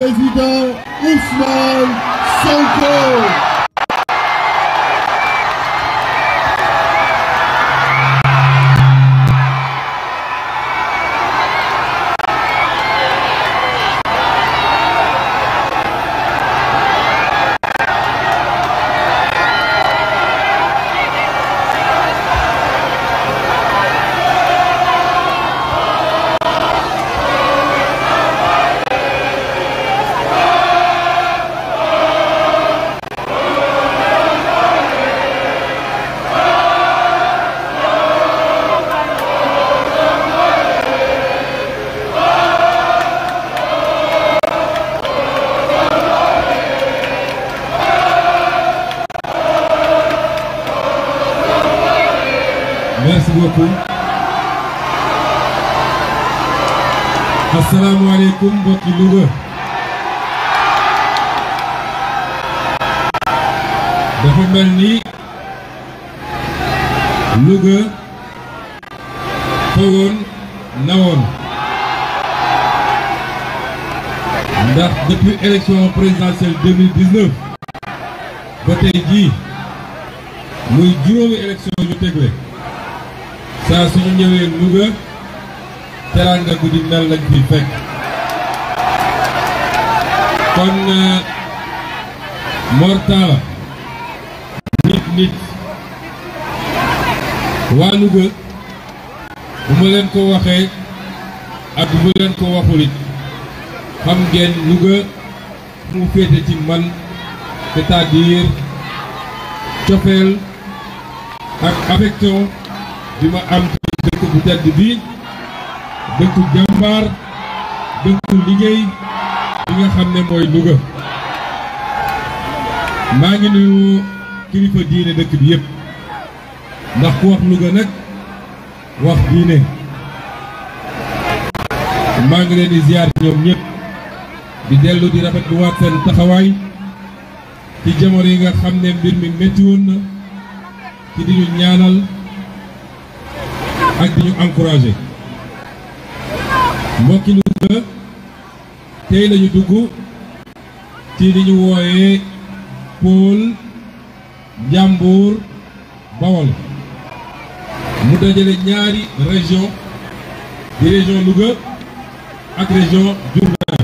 président Ousmane Sonko. merci beaucoup asalaamualeykum mbokki Louga dafa mel ni Louga fawoon nawoon ndax depuis élection présidentielle ba tey jii muy juróomi élection ñu tegle saa suñu ñëwee Louga teranga guddi mel lañ fi fekk kon euh, mortala nit nit waa Louga bu ma leen ko waxee ak bu ma leen ko waxul it xam ngeen Louga mu féete ci man c'est-à-dire cofeel ak affection bi ma am ci dëkk bu tedd bi dëkku jàmbaar dëkku liggéey bi nga xam ne mooy Louga maa ngi nuyu kilifa diine dëkk bi yëpp ndax ku wax Louga nag wax diine maa ngi leen di ziar ñoom ñëpp di dellu di rafet bu waat seen taxawaay ci jamono yi nga xam ne mbir mi métti woon na ci di ñu ñaanal ak di ñu encouragé mbokki Louga tey lañu dugg ci li ñu wooyee pôle Njàmbur Bawol mu dajale ñaari région di région Louga ak région Diourbel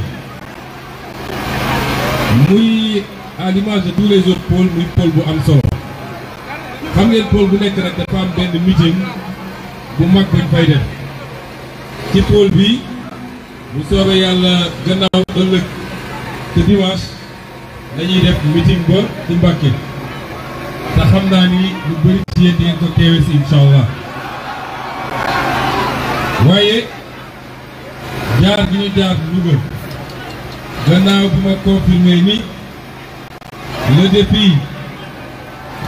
muy à l'image de tous muy pôle bu am solo xam ngeen pôle bu nekk rek dafa am benn bu mag buñ fay def ci pôle bi bu soobee yàlla gannaaw ëllëg te dimanche dañuy def meeting ba ci Mbàkke te xam naa ni lu bëri ci yéen ko teewee si waaye jaar gi ñu jaar Louga gannaaw bi confirmé ni le défi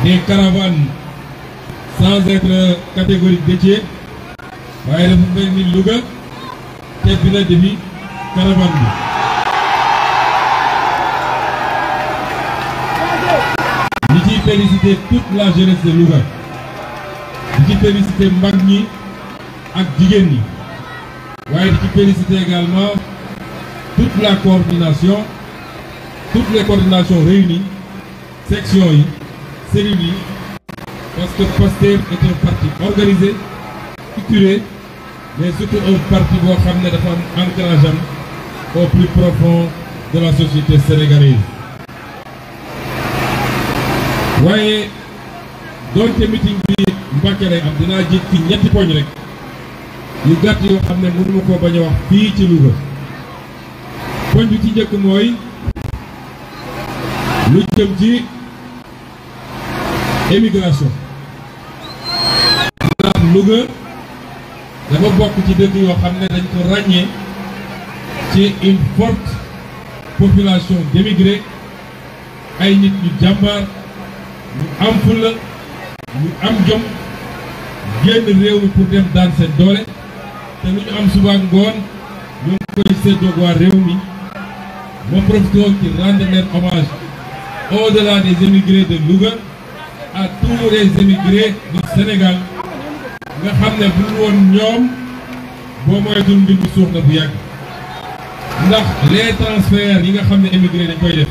des caravanes sans être waaye dafa mel ni Louga tebbi na defi caravane bi. li ciy féliciter toute la jeunesse de Louga di ci féliciter mag yi ak jigéen ñi waaye di ci féliciter également toute la coordination toutes les coordinations réunies sections yi cellules yi parce que Pasteur est un parti organisé structuré mais surtout un parti boo xam ne waaye doonte meeting bi Mbàkke am dinaa jiit ci ñetti poñ rek yu gàtt yoo xam ne mënuma koo bañ a wax fii ci Louga poñ bi ci njëkk mooy lu jëm ci émigration ndax dafa bokk ci dëkk woo xam ne dañ ko ràññee ci une forte population d'émigrés ay nit ñu jàmbaar ñu am fulla ñu am jom génn réew mi pour dem daan seen doole te lu ñu am suba ngoon ñu koy séddoog waa réew mi ma profité ci rendre leen hommage au-delà des émigrés de Louga à tous les émigrés du Sénégal nga xam ne bu dul woon ñoom boo moytuwul mbir suux na bu yàgg ndax les transferts yi nga xam ne émigré dañ koy def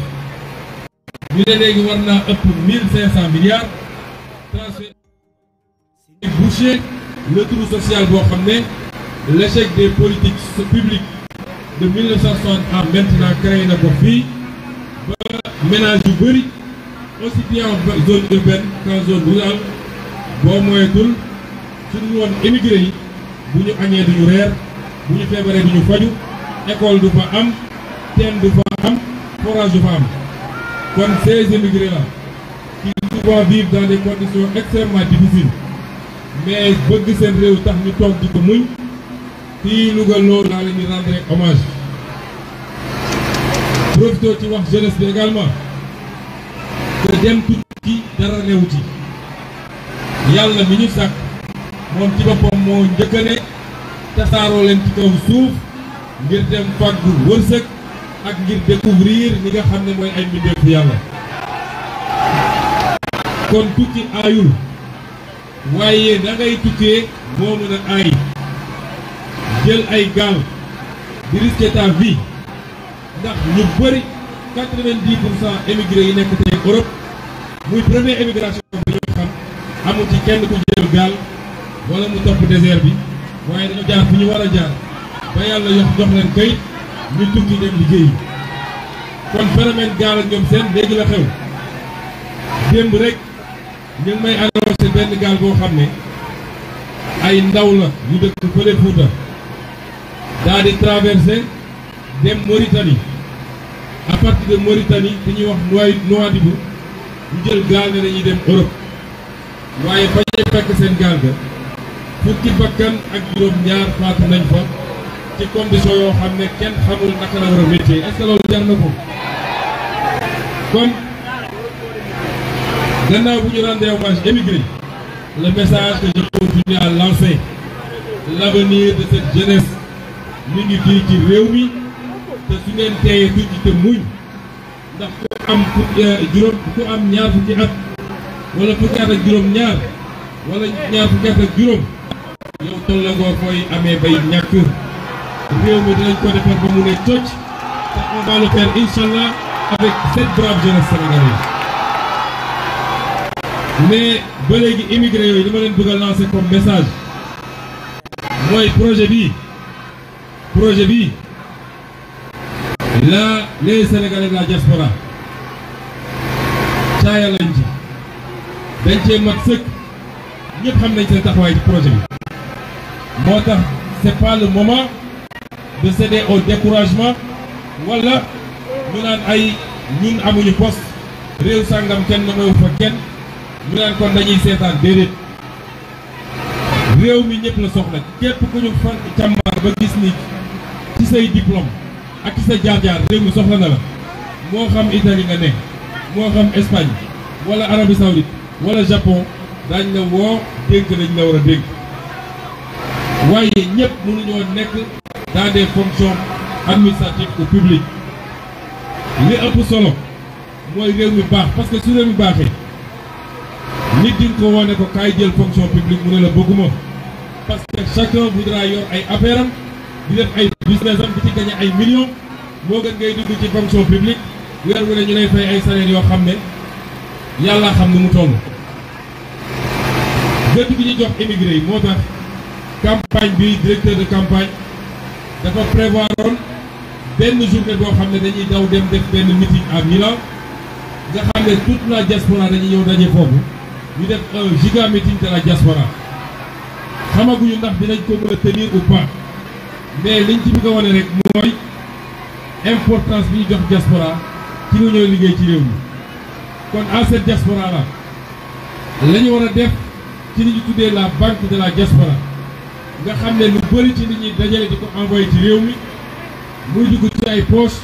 ñu ne léegi war naa ëpp cinq cent milliards transfert yi boucher le trou social boo xam ne l'échec des politiques publiques de 1960 à maintenant créé na ko fii ba ménage yu bëri aussi bien zone urbaine boo moytul suñu woon émigré yi bu ñu añee duñu reer bu ñu feebaree duñu faju école du fa am teen du fa am forage du fa am kon ces émigrés là qui souvent vivent dans des conditions extrêmement difficiles mais bëgg seen réew tax ñu toog di ko muñ fii Louga loolu laa leen di ci wax jeunesse bi également que dem tukki dara newu ci yàlla mi ñu sàkk moom ci boppam moo njëkk ne tasaaroo leen ci kaw suuf ngir dem fàggu wërsëg ak ngir découvrir li nga xam ne mooy ay mbindeefu yàlla kon tukki aayul waaye da tukkee moo mën a jël ay gaal di risquer ta ndax ñu bëri quatre yi nekk tey Europe muy première émigration bi xam amul ci kenn ku jël gaal wala mu topp désert bi waaye dañu jaar fi ñu war a jaar ba yàlla yox jox leen kayit ñu tukki dem liggéeyi kon phénomène gaal ak ñoom seen léegi la xew démb rek ñu may annoncé benn gaal boo xam ne ay ndaw la yu dëkk fële Fuuta daa di traversé dem Mauritanie à partir de Mauritanie di ñuy wax noy Nouadhibou ñu jël gaal ne dañuy dem Europe waaye bañ a fekk seen gaal ga fukki bakkan ak juróom-ñaar faatu nañ fa ci condition yoo xam ne kenn xamul naka la war a métier est-ce gannaaw bu ñu rendee hommage émigré le message que je continue à lancer l'avenir de cette jeunesse ñu ngi fii ci réew mi te su ngeen teeyee tuuti te muñ ndax ku am eh, juróom ku am ñaar fukki at wala fukki at ak juróom-ñaar wala ñaar fukki at ak juróom. loolu la ngoo koy amee bay ñàkk réew mi dinañ ko defar ba mu ne toj te on va le avec cette brave jeunesse sénégalaise mais ba léegi immigré yooyu li ma leen bëgg a lancer message mooy projet bi projet bi la les sénégalais de la diaspora caaya lañ dañ cee mat sëkk ñëpp xam nañ seen taxawaay ci projet bi moo tax c'est pas le moment de céder au découragement wala ñu naan ay ñun amuñu poste réew sàngam kenn mayu fa kenn ñu naan kon dañuy seetaan déedéet réew mi ñëpp la soxla képp ku ñu fan càmbar ba gis ni ci say diplôme ak ci sa jaar-jaar réew mi soxla na la moo xam Italie nga ne moo xam Espagne wala Arabie Saoudite wala Japon daañ la woo dénk dañ la war a dénk waaye ñëpp mënuñoo nekk dans des fonctions administratives ou publiques li ëpp solo mooy réew mi baax parce que su réew mi baaxee nit di ko woo ne ko kaay jël fonction publique mu ne la bëgguma parce que chacun voudra yor ay affaire am di def ay business am ci gagné ay millions moo gën ngay dugg ci fonction publique weer wu ne ñu lay fay ay salaire yoo xam ne yàlla xam ne mu toll gëdd bi ñu jox immigré yi moo tax campagne bi directeur de campagne dafa prévoir woon benn journée boo xam ne dañuy daw dem def benn meeting à Milan nga xam ne toute la diaspora dañuy ñëw daje foofu ñu def un giga meeting de la diaspora xamaguñu ndax dinañ ko mën tenir ou pas mais liñ ci bëgg a wane rek mooy importance biñu jox diaspora ci ñu ñëw liggéey ci réew mi kon à cette diaspora là la ñu war def ci li ñu tuddee la banque de la diaspora nga xam ne lu bëri ci nit ñi dajale di ko envoyé ci réew mi muy dugg ci ay poos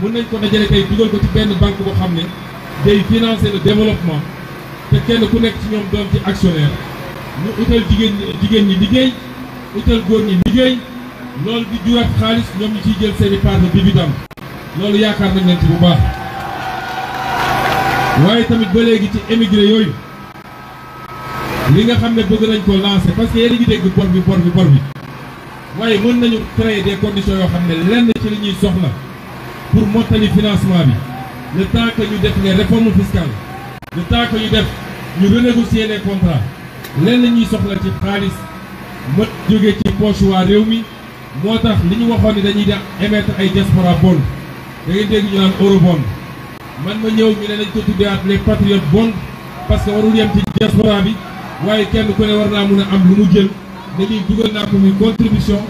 mun nañ ko dajale tey dugal ko ci benn banque boo xam ne day financer le développement te kenn ku nekk ci ñoom doon ci actionnaire ñu utal jigéen jigéen ñi liggéey utal góor ñi liggéey lool di jurat xaalis ñoom ñu ciy jël seen i part de dividende loolu yaakaar nañ leen ci bu baax waaye tamit ba léegi ci émigré yooyu li nga xam ne bëgg nañ ko lancer parce que yéen a ngi dégg bor bi bor bi bor bi waaye mën nañu créer des yoo xam ne lenn ci li ñuy soxla pour mottali financement bi le temps que ñu def les réformes fiscales le temps que ñu def ñu renégocier les contrats lenn ñuy soxla ci xaalis mot jóge ci poche waa réew mi moo tax li ñu waxoon ni dañuy def ay diaspora bond da ngay dégg ñu naan euro bond man ma ñëw ñu ne nañ ko tuddeewaat les patriotes bond parce que warul yem ci diaspora bi waaye kenn ku ne war naa mun a am lu mu jël ne lii dugal naa ko muy contribution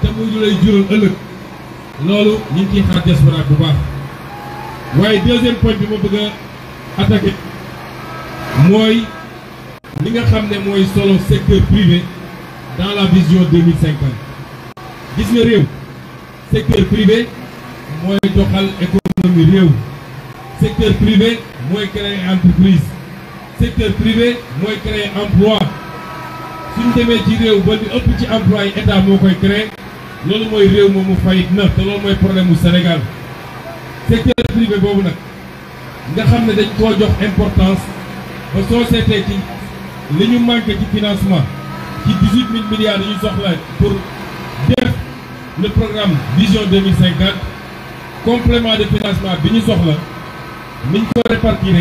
te muy lu lay jural ëllëg loolu ñu ngi ciy xaar diaspora bu baax waaye deuxième point bi ma bëgg a mooy li nga xam ne mooy solo secteur privé dans la vision 2050 gis nga réew secteur privé mooy doxal économie réew secteur privé mooy créer entreprise secteur privé mooy créer emploi suñ demee ci réew ba li ëpp ci emploi yi état moo koy créer loolu mooy réew moomu fayit na te loolu mooy problème mu Sénégal secteur privé boobu nag nga xam ne dañ koo jox importance ba soo seetee ci li ñu manqué ci financement ci dix-huit milliards yi ñu soxla pour def le programme vision deux mille cinquante complément de financement bi ñu soxla niñ ko répartir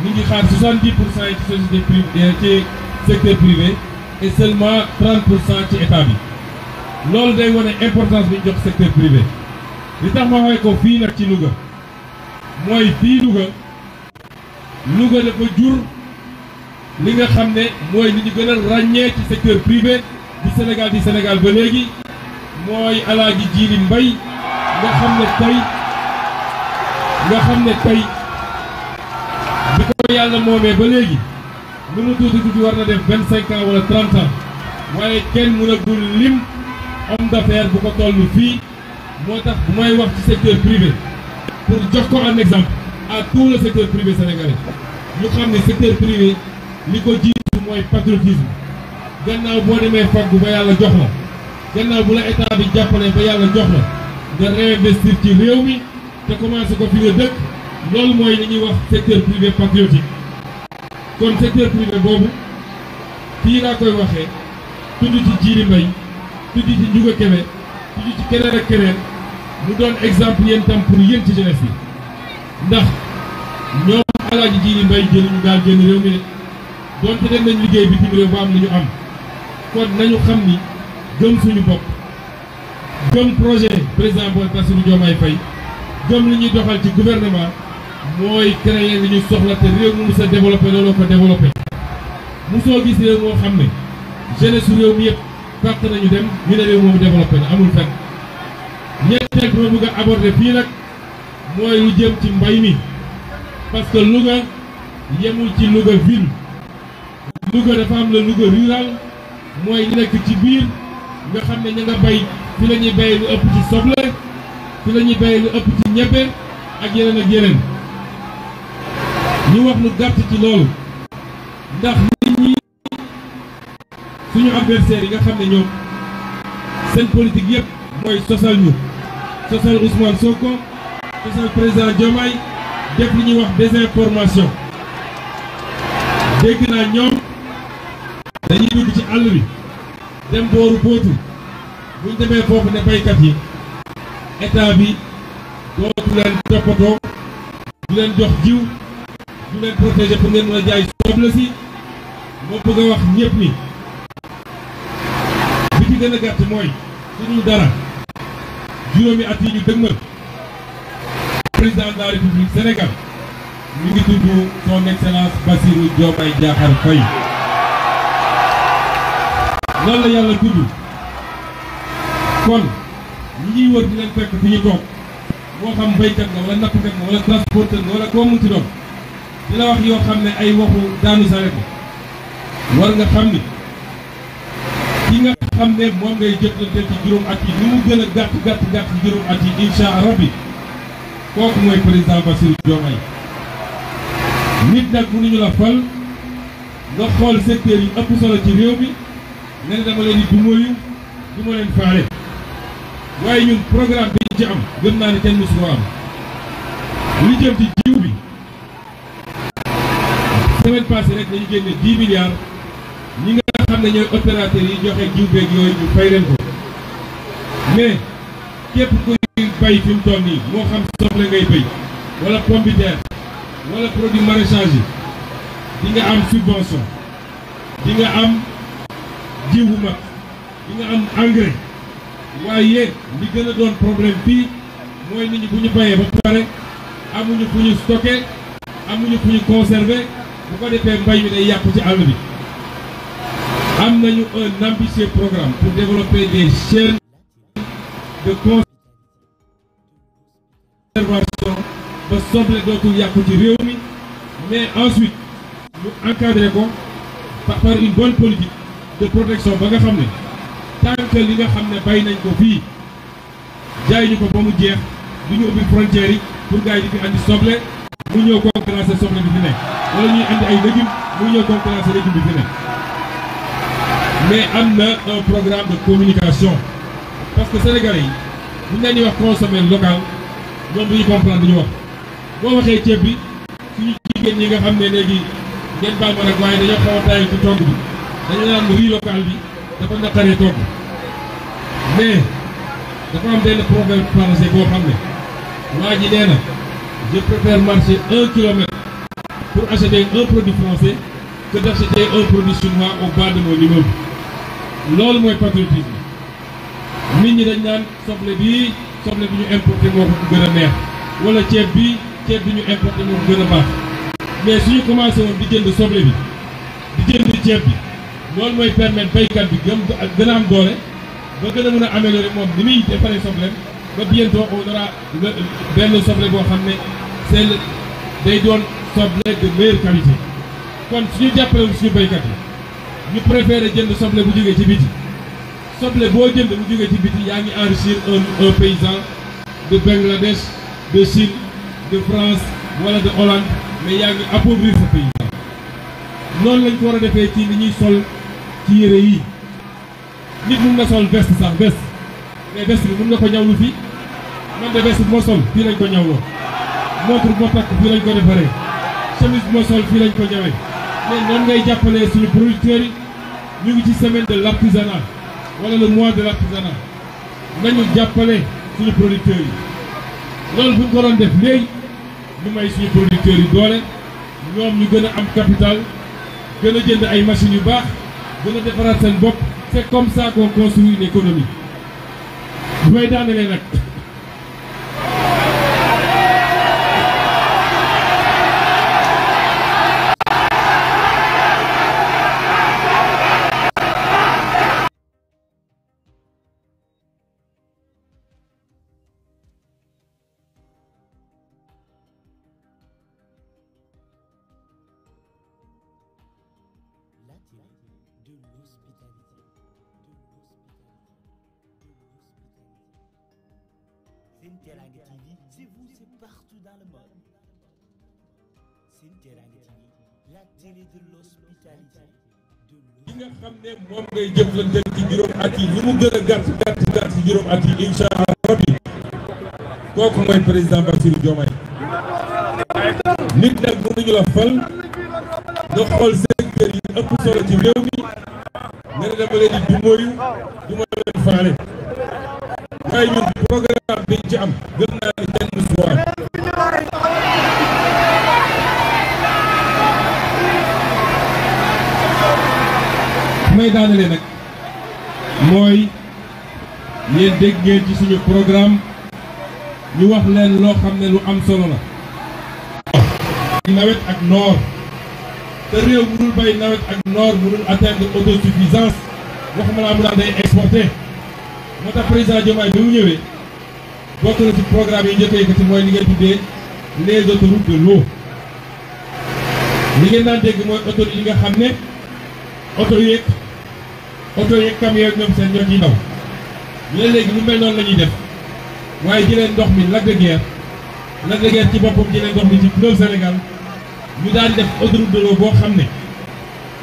ñu ngi xaar 70 pour cent yi ci société privée ci secteur privé et seulement pour cent ci état bi loolu day wone importance biñ ñu jox secteur privé li tax ma waxee ko fii nag ci Louga mooy fii Louga Louga dafa jur li nga xam ne mooy li ñu gën a ràññee ci secteur privé du Sénégal di Sénégal ba léegi mooy gi Jiili Mbay nga xam ne tey nga xam ne tey yàlla moomee ba léegi lu mu tuuti tuuti war na def vingt cinq ans wala trente ans waaye kenn mënagul lim homme d'affaires bu ko toll fii moo tax bu may wax ci secteur privé pour jox ko un exemple à tout le secteur privé sénégalais ñu xam ne secteur privé li ko jiitu mooy patriotisme gannaaw boo demee faggu ba yàlla jox la gannaaw bu la état bi jàppalee ba yàlla jox la nga réinvestir ci réew mi te commencé ko fi nga dëkk loolu mooy li ñuy wax secteur privé patriotique kon secteur privé boobu fii laa koy waxee tudd ci Djily Mbaye tudd ci Ndiouga Kébé tudd ci keneen ak keneen mu doon exemple yéen tam pour yéen ci jeunesse si ndax ñoom alaaji Djily Mbaye jëliñu daal génn réew mi ne dem nañ liggéey bitim réew am li ñu am kon nañu xam ni gëm suñu bopp gëm projet président Bassirou Diomaye Faye gëm li ñuy doxal ci gouvernement mooy créer li ñu soxla te réew mu sa développé looloo ko développé mosoo gis réew moo xam ne jeunesse su réew mi yëpp fàq nañu dem ñu ne réew moomu développé na amul fenn ñetteel bi ma bëgg a fii nag mooy lu jëm ci mbay mi parce que Louga ci Louga ville Louga dafa am la Louga rural mooy nekk ci biir nga xam ne ña nga bay fi la ñuy bayee lu ëpp ci soble fi la ñuy bayee lu ëpp ci ñebe ak yeneen ak yeneen ñu wax lu gàtt ci loolu ndax nit ñi suñu adversaire yi nga xam ne ñoom seen politique yëpp mooy sosal ñu sosal Ousmane ko sosal président Diomaye def li ñuy wax désinformation dégg naa ñoom dañuy dugg ci àll bi dem booru bootu buñ demee foofu ne baykat yi état bi dootu leen jox jiw ñu leen protéger pour ngeen mën a jaay soble si ma bëgg a wax ñëpp ni bi ci gën a gàtt mooy suñu dara juróomi at yi ñu dëgmal président de la république Sénégal ñu ngi tudd son excellence Bassirou Diomaye Diakhar Faye lan la yàlla tudd kon ñi ñuy wër di leen fekk fi ñu toog moo xam béykat nga wala nappkat nga wala transporteur nga wala koo mënti doon di la wax yoo xam ne ay waxu daanu sare ko war nga xam ni ki nga xam ne moom ngay jëtlante ci juróom at yi ni mu gën a gàtt gàtt gàtt ci juróom at yi incha rabbi kooku mooy président Bassirou Diomaye nit nag mënuñu la fal nga xool secteur yi ëpp solo ci réew mi ne dama leen di dumóoyu du ma leen faale waaye ñun programme bi ci am gëm naa ne kenn mosu ko ci jiw bi passé rek dañu génne 10 milliards ñi nga xam ne ñooy yi joxe jiw yooyu ñu fay leen ko mais képp kuy bay fi mu nii moo xam soble ngay bay wala pomme wala produit maraîchage yi di nga am subvention di nga am jiw di nga am engrais waaye li gën doon problème fii mooy nit ñi bu bayee ba pare amuñu fu ñu amuñu fu conservé bu ko defee mbay mi day yàqu ci àll bi am nañu un ambitieux programme pour développer des chaînes de conservation ba soble dootul yàqu ci réew mi mais ensuite ñu encadrer ko par une bonne politique de protection ba nga xam ne tant que li nga xam ne bay nañ ko fii jaay ñu ko ba mu jeex du ñu ubbi frontières yi pour gars yi di fi andi soble mu ñëw concurrencer soble bi fi nekk. wala ñuy ay légumes mu ñëw doon bi fi mais am na un programme de communication parce que Sénégalais yi bu ñu leen wax consommer local ñoom du ñu comprendre ñu wax boo waxee ceeb bi suñu jigéen ñi nga xam ne léegi ngeen baal ma nag waaye dañoo xaw a taayal ci togg bi dañu naan riz local bi dafa naqaree togg mais dafa am benn proverbe français boo xam ne waa ji nee na je préfère marcher un kilomètre. acheter un produit français que d'acheter un produit chinois au bas de mon immeuble loolu mooy patriotisme nit ñi dañ naan soble bii soble bi ñu importé moo ko gën wala ceeb bi ceeb bi ñu importé gën a baax mais suñu commencé di jënd soble bi di jënd ceeb bi loolu mooy permettre baykat bi gëm ak gën a am doole ba gën a mën a améliorer moom ni muy defaree soble ba bientôt on aura benn soble boo xam ne c'est day doon soble de meilleure qualité kon suñu jàppalewul suñu béykat yi ñu préféré jënd soble bu jógee ci biti soble boo jënd bu jógee ci biti yaa ngi enrichir un paysan de Bangladesh de Chine de France wala de Hollande mais yaa ngi appauvrir sa paysan noonu lañ ko war defee ci li ñuy sol ci yére yi nit mun na sol veste sax veste mais veste bi mun nga ko ñawlu fii man de veste bi moo sol fii lañ ko ñawloo montre moo takk fii lañ ko defaree chemise bu ma sol fii lañ ko ñëwee mais noonu ngay jàppalee suñu producteurs yi ñu ngi ci semaine de l'artisanat wala la mois de l'artisanat nañu jàppale suñu producteurs yi loolu bu ñu ko doon def léegi ñu may suñu producteurs yi doole ñoom ñu gën a am capital gën a jënd ay machines yu baax gën a defaraat seen bopp c'est comme ça qu'on construit une économie bu may daanelee nag seen Teranga TV c'est vous c'est partout dans le li nga xam ne moom ngay jëflanteel ci juróom at lu mu gën a gàtt gàtt gàtt juróom at yi incha allah rabbi kooku mooy président Bassirou Diomaye nit nag mënuñu la fal nga xool secteur yi ëpp solo ci réew mi nga dama leen di du mooyu du ma leen ay ñun programme mooy yéen dégg ngeen ci suñu programme ñu wax leen loo xam ne lu am solo la nawet ak noor te réew mënul bay nawet ak noor mënul atteindre autosuffisance waxuma laa mu day exporter moo tax président Diomaye bi mu ñëwee bokk na ci programme yi njëkk ci mooy li ngeen tuddee les autoroutes de l'eau li ngeen daan dégg mooy autoroute yi nga xam ne oto yeeg oto yeeg camion yeeg ñoom seen ñoo ciy daw léeg-léegi lu mel noonu la def waaye jëleen ndox mi Lac de Guiers ci boppam jëleen ndox mi ci fleuve Sénégal ñu daal def autoroute de l'eau boo xam ne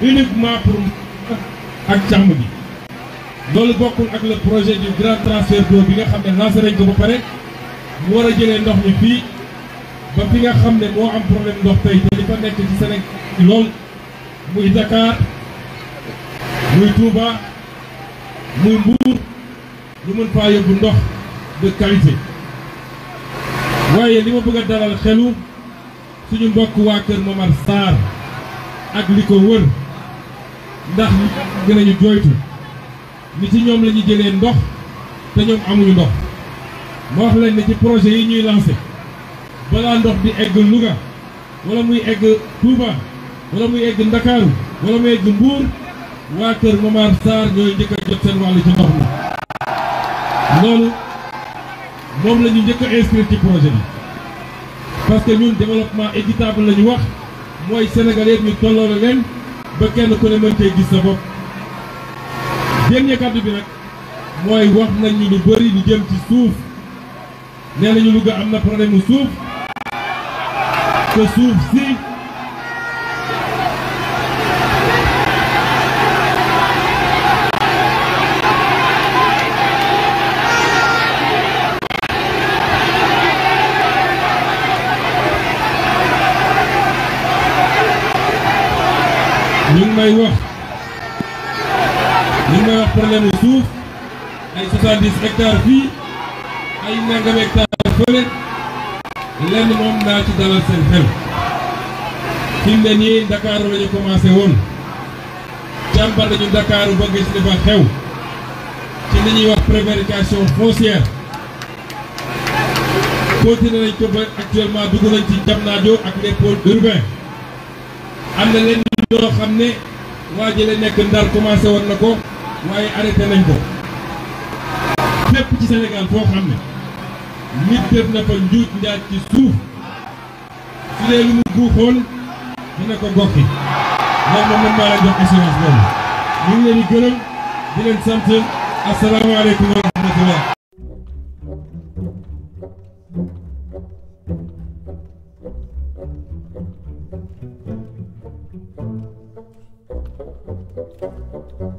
uniquement pour ak càmm bi loolu bokkul ak le projet du grand transfert d'eau bi nga xam ne lancé nañ ko ba pare mu war a jële ndox mi fii ba bi nga xam ne moo am problème ndox tey te li fa nekk ci Sénégal lool muy Dakar muy Touba muy Mbour lu mën faa yóbbu ndox de qualité waaye li ma bëgg a dalal xelu suñu mbokk waa Kër Momar Sarr ak li ko wër ndax gën a jooytu. ni ci ñoom la jëlee ndox te ñoom amuñu ndox ma wax leen ne ci projet yi ñuy lancé balaa ndox di egg Louga wala muy egg Touba wala muy egg Ndakaaru wala muy egg Mbuur waa kër Momar Sarr ñooy njëkk a jot seen wàll ci ndox mi loolu moom la ñu njëkk a inscrire ci projet bi parce que ñun développement équitable la ñu wax mooy Sénégalais ñu tolloole leen ba kenn ku ne mën gis sa bopp dernier kàddu bi nag mooy wax nañ lu bëri lu jëm ci suuf nee nañu Louga am na problème suuf te suuf si ñu ngi wax li may wax problème mu suuf ay 70 hectares fii ay nangam fële lenn moom naa ci dalal seen xel. fi ne nii Dakar la ñu woon jàmbar nañu Dakar ba gis li fa xew ci li ñuy wax prévarication foncière continué nañ ko actuellement dugg ci Diamniadio ak les pôles am na leen yoo xam ne waa jële nekk Ndar commencé woon na ko. waaye arrêté nañ ko fépp ci Sénégal foo xam ne nit def na fa njuuj njaaj ci suuf su dee guuxool dina ko goxi ndax moom man maa la jox assurance boobu ñu ngi leen di di leen sant asalaamaaleykum wa rahmatullah Thank you.